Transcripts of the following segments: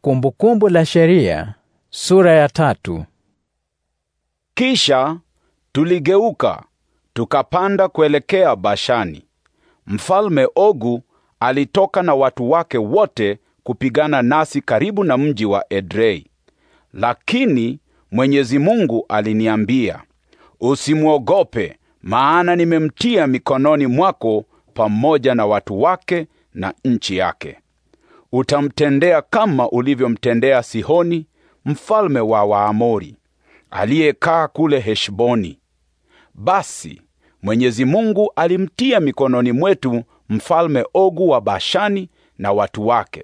Kumbukumbu la Sheria sura ya tatu. Kisha tuligeuka tukapanda kuelekea Bashani. Mfalme Ogu alitoka na watu wake wote kupigana nasi karibu na mji wa Edrei. Lakini Mwenyezi Mungu aliniambia, usimwogope, maana nimemtia mikononi mwako pamoja na watu wake na nchi yake utamtendea kama ulivyomtendea Sihoni mfalme wa Waamori aliyekaa kule Heshboni. Basi Mwenyezi Mungu alimtia mikononi mwetu mfalme Ogu wa Bashani na watu wake,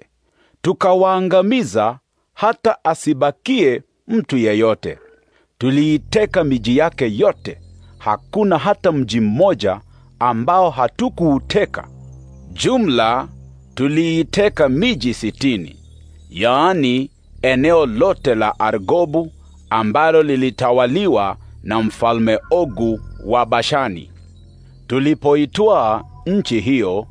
tukawaangamiza hata asibakie mtu yeyote. Tuliiteka miji yake yote, hakuna hata mji mmoja ambao hatukuuteka. Jumla tuliiteka miji sitini, yaani eneo lote la Argobu ambalo lilitawaliwa na mfalme Ogu wa Bashani. Tulipoitwaa nchi hiyo,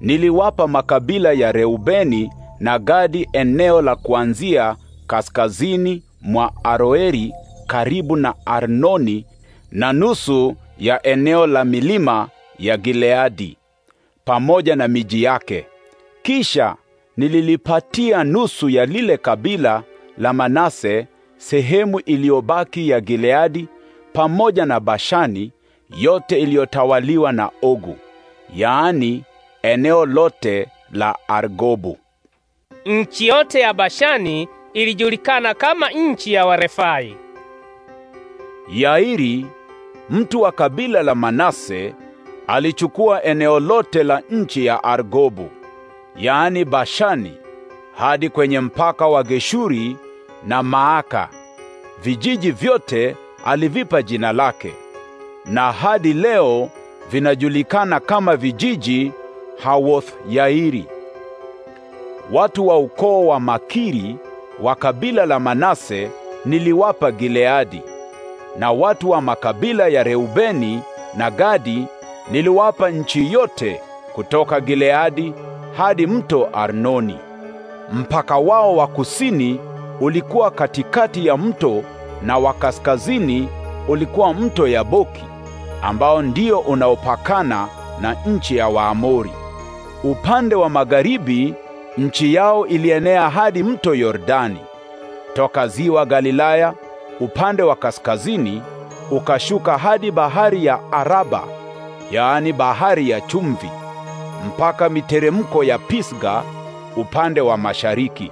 niliwapa makabila ya Reubeni na Gadi eneo la kuanzia kaskazini mwa Aroeri karibu na Arnoni na nusu ya eneo la milima ya Gileadi pamoja na miji yake. Kisha nililipatia nusu ya lile kabila la Manase sehemu iliyobaki ya Gileadi pamoja na Bashani yote iliyotawaliwa na Ogu, yaani eneo lote la Argobu. Nchi yote ya Bashani ilijulikana kama nchi ya Warefai. Yairi, mtu wa kabila la Manase, alichukua eneo lote la nchi ya Argobu yaani Bashani hadi kwenye mpaka wa Geshuri na Maaka. Vijiji vyote alivipa jina lake, na hadi leo vinajulikana kama vijiji Hawoth Yairi. Watu wa ukoo wa Makiri wa kabila la Manase niliwapa Gileadi, na watu wa makabila ya Reubeni na Gadi niliwapa nchi yote kutoka Gileadi hadi mto Arnoni. Mpaka wao wa kusini ulikuwa katikati ya mto na wa kaskazini ulikuwa mto Yaboki ambao ndio unaopakana na nchi ya Waamori. Upande wa magharibi nchi yao ilienea hadi mto Yordani. Toka ziwa Galilaya upande wa kaskazini ukashuka hadi bahari ya Araba, yaani bahari ya chumvi mpaka miteremko ya Pisga upande wa mashariki.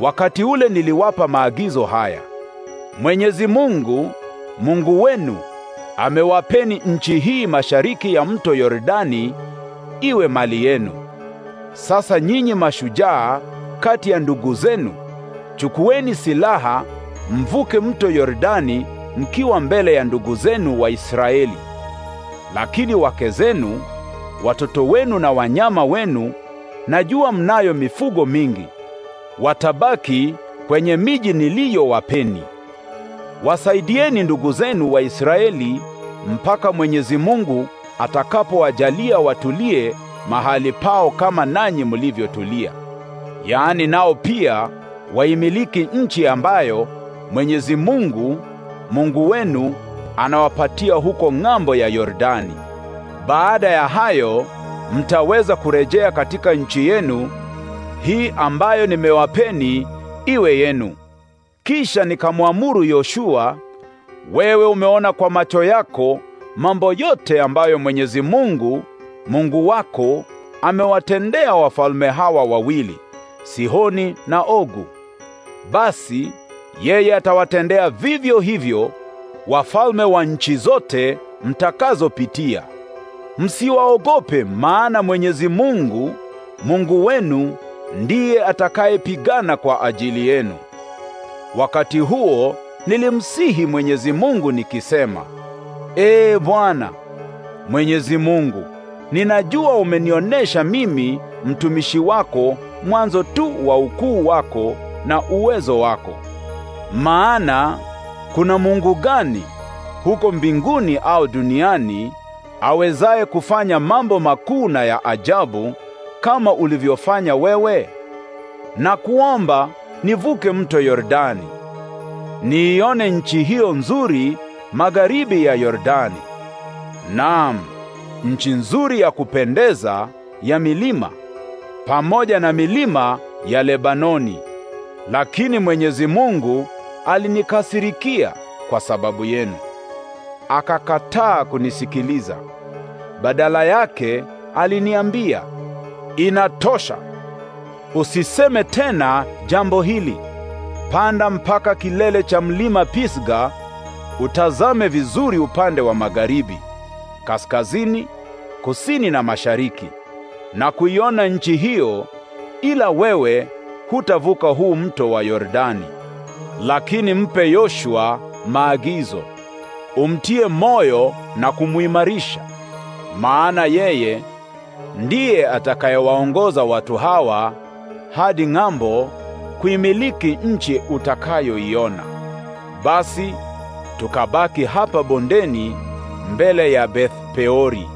Wakati ule niliwapa maagizo haya: Mwenyezi Mungu, Mungu wenu amewapeni nchi hii mashariki ya mto Yordani iwe mali yenu. Sasa nyinyi mashujaa kati ya ndugu zenu, chukueni silaha, mvuke mto Yordani mkiwa mbele ya ndugu zenu Waisraeli. Lakini wake zenu watoto wenu na wanyama wenu, najua mnayo mifugo mingi. Watabaki kwenye miji niliyowapeni. Wasaidieni ndugu zenu wa Israeli mpaka Mwenyezi Mungu atakapowajalia watulie mahali pao kama nanyi mulivyotulia. Yaani nao pia waimiliki nchi ambayo Mwenyezi Mungu Mungu wenu anawapatia huko ng'ambo ya Yordani. Baada ya hayo mtaweza kurejea katika nchi yenu hii ambayo nimewapeni iwe yenu. Kisha nikamwamuru Yoshua, wewe umeona kwa macho yako mambo yote ambayo Mwenyezi Mungu Mungu wako amewatendea wafalme hawa wawili, Sihoni na Ogu. Basi yeye atawatendea vivyo hivyo wafalme wa nchi zote mtakazopitia. Msiwaogope, maana Mwenyezi Mungu Mungu wenu ndiye atakayepigana kwa ajili yenu. Wakati huo nilimsihi Mwenyezi Mungu nikisema, Ee Bwana Mwenyezi Mungu, ninajua umenionyesha mimi mtumishi wako mwanzo tu wa ukuu wako na uwezo wako. Maana kuna Mungu gani huko mbinguni au duniani awezaye kufanya mambo makuu na ya ajabu kama ulivyofanya wewe? Na kuomba nivuke mto Yordani, niione nchi hiyo nzuri magharibi ya Yordani, naam, nchi nzuri ya kupendeza ya milima pamoja na milima ya Lebanoni. Lakini Mwenyezi Mungu alinikasirikia kwa sababu yenu akakataa kunisikiliza. Badala yake aliniambia, inatosha, usiseme tena jambo hili. Panda mpaka kilele cha mlima Pisga, utazame vizuri upande wa magharibi, kaskazini, kusini na mashariki, na kuiona nchi hiyo, ila wewe hutavuka huu mto wa Yordani. Lakini mpe Yoshua maagizo umtie moyo na kumuimarisha, maana yeye ndiye atakayewaongoza watu hawa hadi ng'ambo kuimiliki nchi utakayoiona. Basi tukabaki hapa bondeni mbele ya Beth Peori.